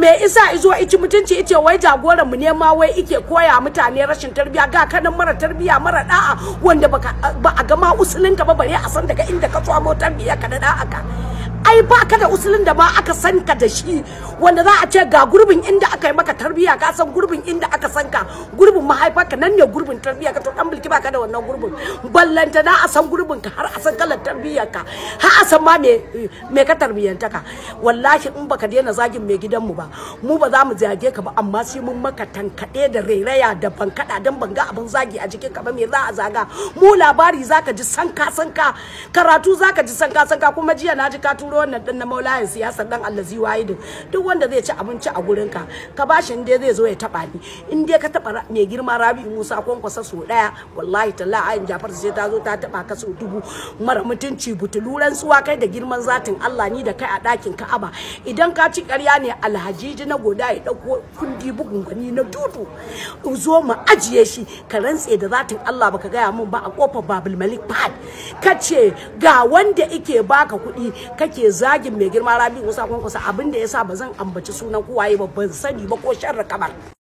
me isa izo ici mutunci ice wai jagoran mu ne ma wai ike koya mutane rashin tarbiya ga na mara tarbiya mara da'a wanda baka ba a ga ma usulin ba bare a san daga inda ka tsamo tarbiya ka da da'a ka ai baka da usulin da ma aka san ka da shi wanda za a ce ga gurbin inda aka yi maka tarbiyya ka san gurbin inda aka san ka gurbin mahaifarka nan ne gurbin tarbiyya ka to dan bilki baka da wannan gurbin ballanta na a san gurbin ka har a san kalar tarbiyyar ka har a san ma me me ka tarbiyyanta ka wallahi in baka daina zagin mai mu ba mu ba za mu zage ka ba amma sai mun maka tankade da rairaya da bankada dan banga abin zagi a jikin ka ba me za a zaga mu labari zaka ji sanka sanka karatu zaka ji sanka sanka kuma jiya na ji ka turo wannan din na maulayin siyasar dan wayi din duk wanda zai ci abinci a gurin ka ka bashi inda zai zo ya taba ni in dai ka taba mai girma Rabi Musa kwankwasa so daya wallahi talla ayin Jafar sai ta zo ta taba ka so dubu mara mutunci butuluran suwa kai da girman zatin Allah ni da kai a dakin Ka'aba idan ka ci ƙarya ne alhajiji na goda ya dauko kundi bugun gani na dudu zo mu ajiye shi ka rantse da zatin Allah baka gaya mun ba a kofar Babul Malik Fahad kace ga wanda ike baka kuɗi kake zagin mai girma rabi musa kwankwasa abinda yasa ba zan ambaci sunan kowaye ba ban sani ba ko sharra kamar